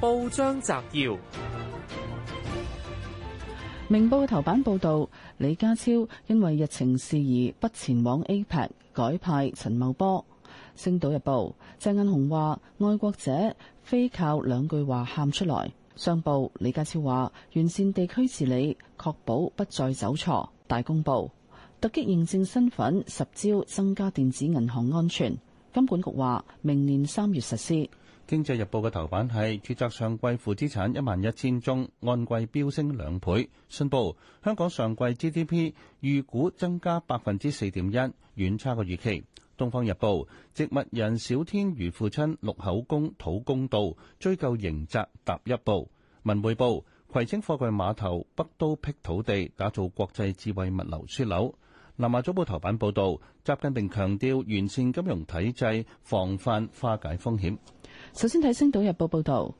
報章摘要：明報頭版報道，李家超因為日程事宜不前往 APEC，改派陳茂波。星島日報，鄭雁雄話：愛國者非靠兩句話喊出來。商報，李家超話：完善地區治理，確保不再走錯。大公報，突擊認證身份十，十招增加電子銀行安全。金管局話：明年三月實施。經濟日報嘅頭版係：抉擇上季負資產一萬一千宗，按季飆升兩倍。信報：香港上季 GDP 預估增加百分之四點一，遠差過預期。東方日報：植物人小天如父親，錄口供，討公道，追究刑責踏一步。文匯報：葵青貨櫃碼頭北都辟土地，打造國際智慧物流樞紐。南華早報頭版報道，習近平強調完善金融體制，防範化解風險。首先睇《星島日報》報道，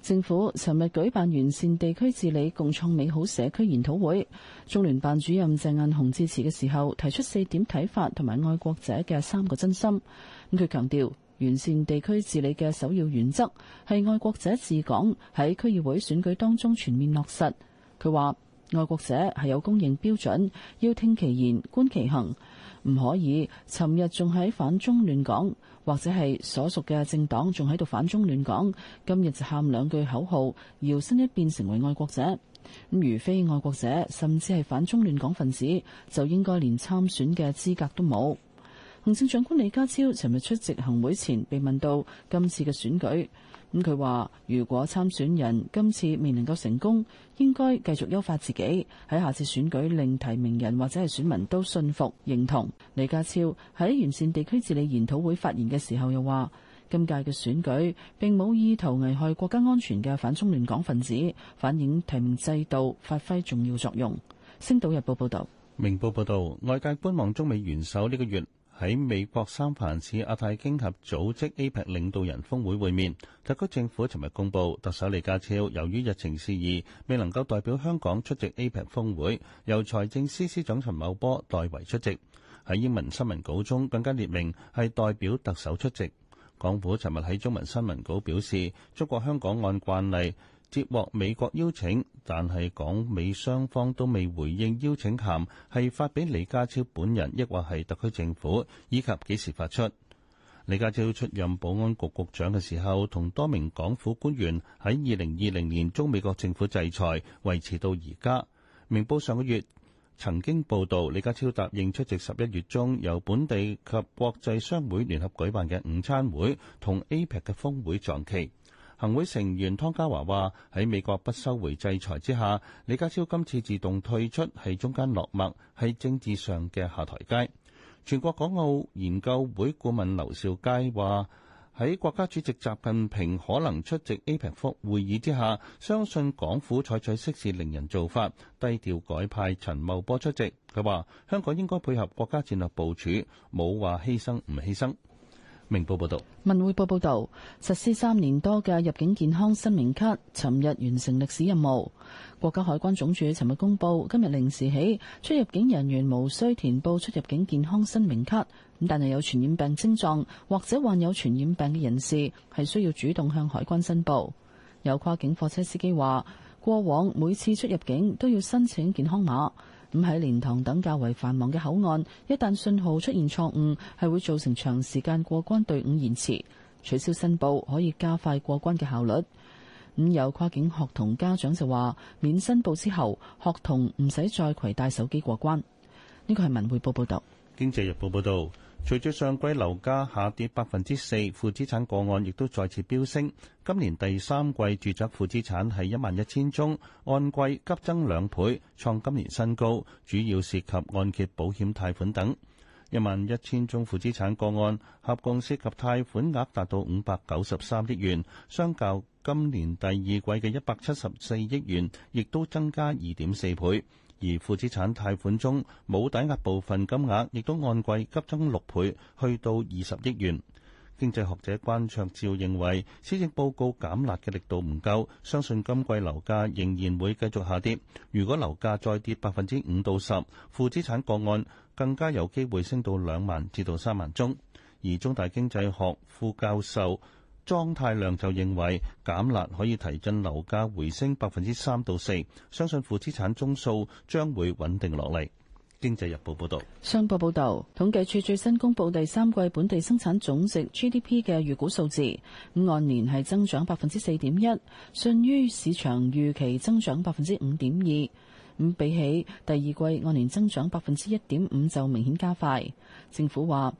政府尋日舉辦完善地區治理、共創美好社區研討會，中聯辦主任鄭雁雄致辭嘅時候，提出四點睇法同埋愛國者嘅三個真心。咁佢強調，完善地區治理嘅首要原則係愛國者治港，喺區議會選舉當中全面落實。佢話。愛國者係有公認標準，要聽其言，觀其行。唔可以尋日仲喺反中亂港，或者係所屬嘅政黨仲喺度反中亂港，今日就喊兩句口號，搖身一變成為愛國者。咁如非愛國者，甚至係反中亂港分子，就應該連參選嘅資格都冇。行政長官李家超尋日出席行會前被問到今次嘅選舉，咁佢話，如果參選人今次未能夠成功，應該繼續優化自己喺下次選舉令提名人或者係選民都信服認同。李家超喺完善地區治理研討會發言嘅時候又話，今屆嘅選舉並冇意圖危害國家安全嘅反中亂港分子，反映提名制度發揮重要作用。星島日報報道。明報報道，外界觀望中美元首呢個月，喺美國三藩市亞太經合組織 APEC 領導人峰會會面，特區政府尋日公布，特首李家超由於日程事宜，未能夠代表香港出席 APEC 峯會，由財政司司長陳茂波代為出席。喺英文新聞稿中更加列明係代表特首出席。港府尋日喺中文新聞稿表示，中國香港按慣例接獲美國邀請。但係，港美雙方都未回應邀請函係發俾李家超本人，抑或係特區政府，以及幾時發出。李家超出任保安局局長嘅時候，同多名港府官員喺二零二零年遭美國政府制裁，維持到而家。明報上個月曾經報導，李家超答應出席十一月中由本地及國際商會聯合舉辦嘅午餐會，同 APEC 嘅峰會撞期。行會成員湯家驊話：喺美國不收回制裁之下，李家超今次自動退出係中間落墨，係政治上嘅下台階。全國港澳研究會顧問劉兆佳話：喺國家主席習近平可能出席 APEC 會議之下，相信港府採取息事寧人做法，低調改派陳茂波出席。佢話：香港應該配合國家戰略部署，冇話犧牲唔犧牲。明報報道，文匯報報導，實施三年多嘅入境健康申明卡，尋日完成歷史任務。國家海關總署尋日公布，今日零時起，出入境人員無需填報出入境健康申明卡。咁但係有傳染病徵狀或者患有傳染病嘅人士，係需要主動向海關申報。有跨境貨車司機話：過往每次出入境都要申請健康碼。咁喺蓮塘等較為繁忙嘅口岸，一旦信號出現錯誤，係會造成長時間過關隊伍延遲，取消申報可以加快過關嘅效率。咁有跨境學童家長就話，免申報之後，學童唔使再攜帶手機過關，呢個係文匯報報道。經濟日報報道。隨住上季樓價下跌百分之四，負資產個案亦都再次飆升。今年第三季住宅負資產係一萬一千宗，按季急增兩倍，創今年新高。主要涉及按揭、保險、貸款等一萬一千宗負資產個案，合共涉及貸款額達到五百九十三億元，相較今年第二季嘅一百七十四億元，亦都增加二點四倍。而負資產貸款中冇抵押部分金額，亦都按季急增六倍，去到二十億元。經濟學者關卓照認為，施政報告減辣嘅力度唔夠，相信今季樓價仍然會繼續下跌。如果樓價再跌百分之五到十，負資產個案更加有機會升到兩萬至到三萬宗。而中大經濟學副教授莊泰亮就認為減辣可以提振樓價回升百分之三到四，相信負資產宗數將會穩定落嚟。經濟日報報導，商報報導，統計處最新公布第三季本地生產總值 GDP 嘅預估數字，按年係增長百分之四點一，遜於市場預期增長百分之五點二。咁比起第二季按年增長百分之一點五就明顯加快。政府話，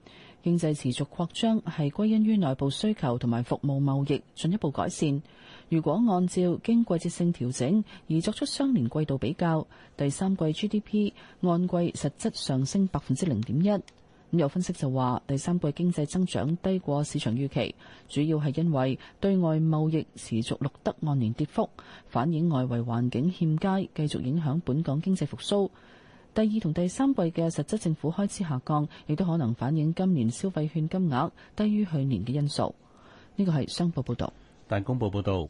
經濟持續擴張係歸因於內部需求同埋服務貿易進一步改善。如果按照經季節性調整而作出相連季度比較，第三季 GDP 按季實質上升百分之零點一。咁有分析就話，第三季經濟增長低過市場預期，主要係因為對外貿易持續錄得按年跌幅，反映外圍環境欠佳，繼續影響本港經濟復甦。第二同第三季嘅實質政府開始下降，亦都可能反映今年消費券金額低於去年嘅因素。呢個係商報報道。大公報報道，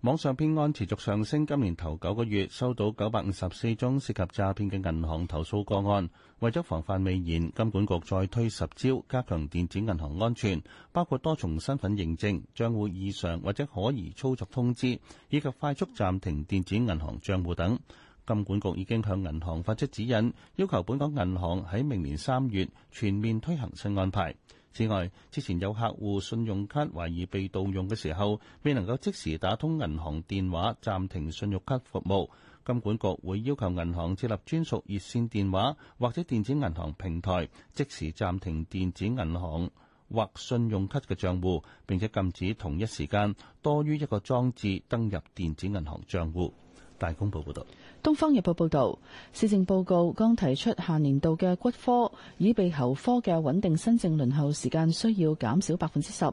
網上騙案持續上升，今年頭九個月收到九百五十四宗涉及詐騙嘅銀行投訴個案。為咗防範未然，金管局再推十招加強電子銀行安全，包括多重身份認證、賬戶異常或者可疑操作通知，以及快速暫停電子銀行賬戶等。金管局已經向銀行發出指引，要求本港銀行喺明年三月全面推行新安排。此外，之前有客戶信用卡懷疑被盜用嘅時候，未能夠即時打通銀行電話，暫停信用卡服務。金管局會要求銀行設立專屬熱線電話或者電子銀行平台，即時暫停電子銀行或信用卡嘅帳戶，並且禁止同一時間多於一個裝置登入電子銀行帳戶。大公報報道，《東方日報》報道，市政報告剛提出下年度嘅骨科、耳鼻喉科嘅穩定新症輪候時間需要減少百分之十。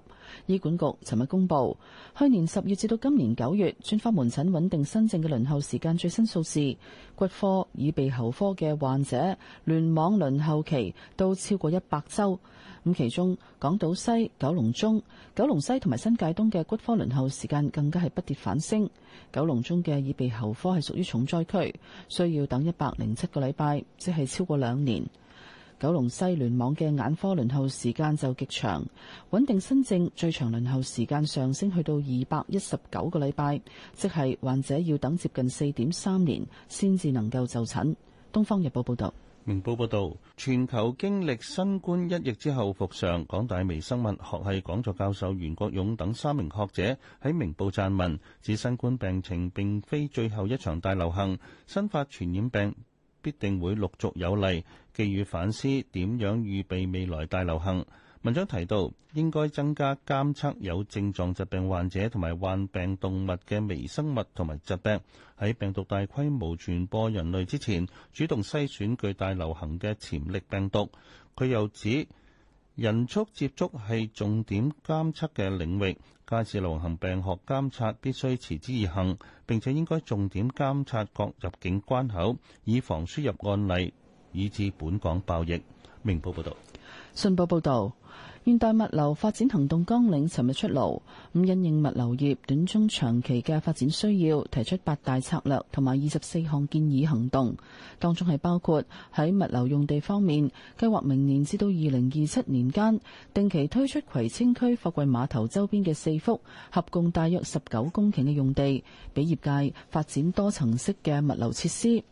醫管局尋日公布，去年十月至到今年九月，專科門診穩定新症嘅輪候時間最新數字，骨科、耳鼻喉科嘅患者聯網輪候期都超過一百周。咁其中，港島西、九龍中、九龍西同埋新界東嘅骨科輪候時間更加係不跌反升。九龍中嘅耳鼻喉婦科係屬於重災區，需要等一百零七個禮拜，即係超過兩年。九龍西聯網嘅眼科輪候時間就極長，穩定新症最長輪候時間上升去到二百一十九個禮拜，即係患者要等接近四點三年先至能夠就診。東方日報報道。明報報導，全球經歷新冠一役之後復常，港大微生物學系講座教授袁國勇等三名學者喺明報撰文，指新冠病情並非最後一場大流行，新發傳染病必定會陸續有嚟，寄語反思點樣預備未來大流行。文章提到，應該增加監測有症狀疾病患者同埋患病動物嘅微生物同埋疾病，喺病毒大規模傳播人類之前，主動篩選巨大流行嘅潛力病毒。佢又指，人畜接觸係重點監測嘅領域，屆時流行病學監察必須持之以恆，並且應該重點監察各入境關口，以防輸入案例，以致本港爆疫。明報報道。信報報導。現代物流發展行動綱領尋日出爐，唔因應物流業短中長期嘅發展需要，提出八大策略同埋二十四項建議行動當中，係包括喺物流用地方面，計劃明年至到二零二七年間定期推出葵青區貨櫃碼頭周邊嘅四幅合共大約十九公頃嘅用地，俾業界發展多層式嘅物流設施。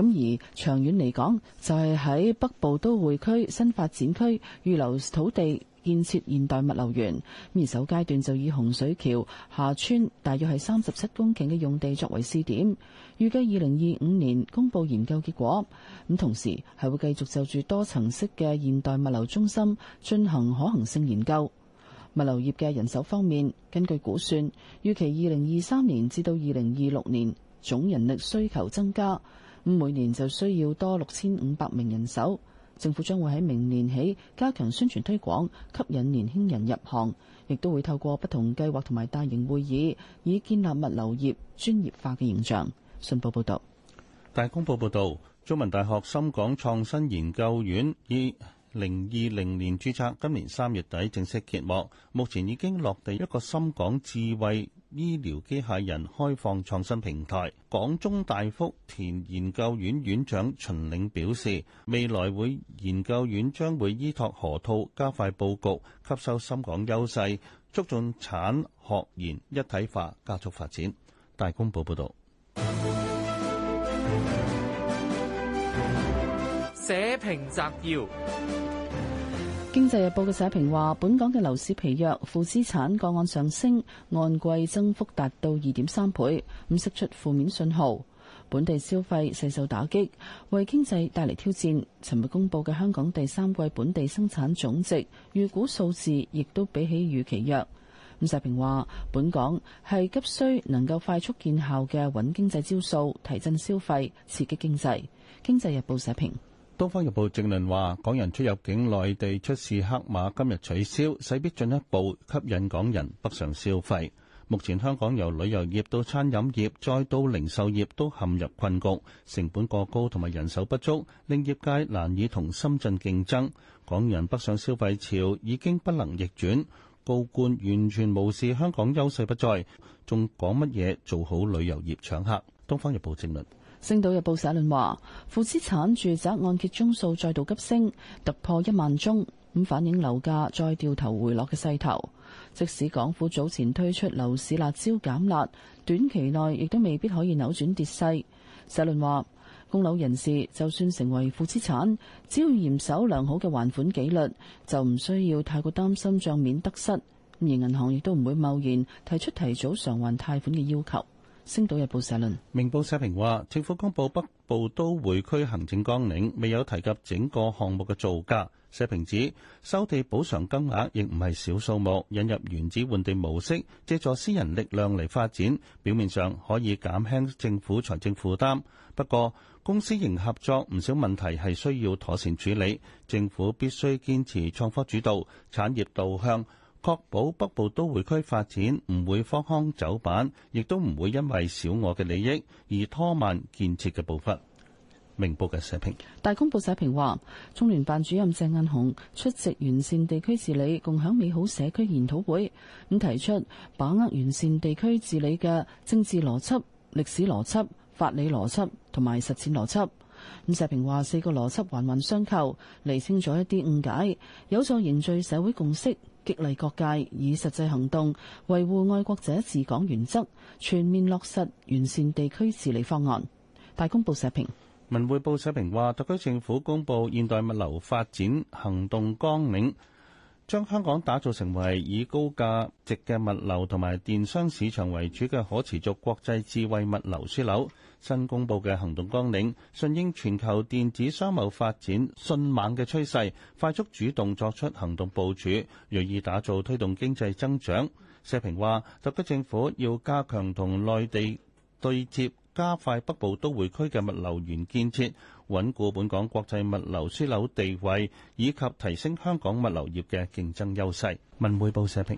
咁而長遠嚟講，就係喺北部都會區新發展區預留土地建設現代物流園。咁而首階段就以洪水橋下村大約係三十七公頃嘅用地作為試點，預計二零二五年公布研究結果。咁同時係會繼續就住多層式嘅現代物流中心進行可行性研究。物流業嘅人手方面，根據估算，預期二零二三年至到二零二六年總人力需求增加。每年就需要多六千五百名人手，政府將會喺明年起加強宣傳推廣，吸引年輕人入行，亦都會透過不同計劃同埋大型會議以建立物流業專業化嘅形象。信報報道，大公報報道，中文大學深港創新研究院二零二零年注冊，今年三月底正式揭幕，目前已經落地一個深港智慧。醫療機械人開放創新平台，港中大福田研究院院長秦嶺表示，未來會研究院將會依託河套加快佈局，吸收深港優勢，促進產學研一體化，加速發展。大公報報導。社評摘要。經濟日報嘅社評話，本港嘅樓市疲弱，負資產個案上升，按季增幅達到二點三倍，咁釋出負面信號。本地消費勢受打擊，為經濟帶嚟挑戰。尋日公布嘅香港第三季本地生產總值預估數字，亦都比起預期弱。咁社評話，本港係急需能夠快速見效嘅穩經濟招數，提振消費，刺激經濟。經濟日報社評。《東方日報》正論話，港人出入境內地出示黑馬今日取消，勢必，必進一步吸引港人北上消費。目前香港由旅遊業到餐飲業再到零售業都陷入困局，成本過高同埋人手不足，令業界難以同深圳競爭。港人北上消費潮已經不能逆轉，高官完全無視香港優勢不再，仲講乜嘢做好旅遊業搶客？《東方日報》正論。《星島日報》社論話，負資產住宅按揭宗數再度急升，突破一萬宗，咁反映樓價再掉頭回落嘅勢頭。即使港府早前推出樓市辣椒減辣，短期內亦都未必可以扭轉跌勢。社論話，供樓人士就算成為負資產，只要嚴守良好嘅還款紀律，就唔需要太過擔心賬面得失。而銀行亦都唔會貿然提出提早償還貸款嘅要求。星島日報社論，明報社評話，政府公布北部都會區行政綱領，未有提及整個項目嘅造價。社評指，收地補償金額亦唔係小數目，引入原子換地模式，借助私人力量嚟發展，表面上可以減輕政府財政負擔。不過，公私營合作唔少問題係需要妥善處理，政府必須堅持創科主導、產業導向。確保北部都會區發展唔會荒腔走板，亦都唔會因為小我嘅利益而拖慢建設嘅步伐。明報嘅社評。大公報社評話，中聯辦主任鄭雁雄出席完善地區治理、共享美好社區研討會，咁提出把握完善地區治理嘅政治邏輯、歷史邏輯、法理邏輯同埋實踐邏輯。咁社評話，四個邏輯環環相扣，釐清咗一啲誤解，有助凝聚社會共識。激勵各界以實際行動維護愛國者治港原則，全面落實完善地區治理方案。大公報社評，文匯報社評話，特區政府公布現代物流發展行動綱領。將香港打造成為以高價值嘅物流同埋電商市場為主嘅可持續國際智慧物流樞紐。新公佈嘅行動綱領，順應全球電子商貿發展迅猛嘅趨勢，快速主動作出行動部署，銳意打造推動經濟增長。社評話，特區政府要加強同內地對接，加快北部都會區嘅物流園建設。穩固本港國際物流樞紐地位，以及提升香港物流業嘅競爭優勢。文匯報社評。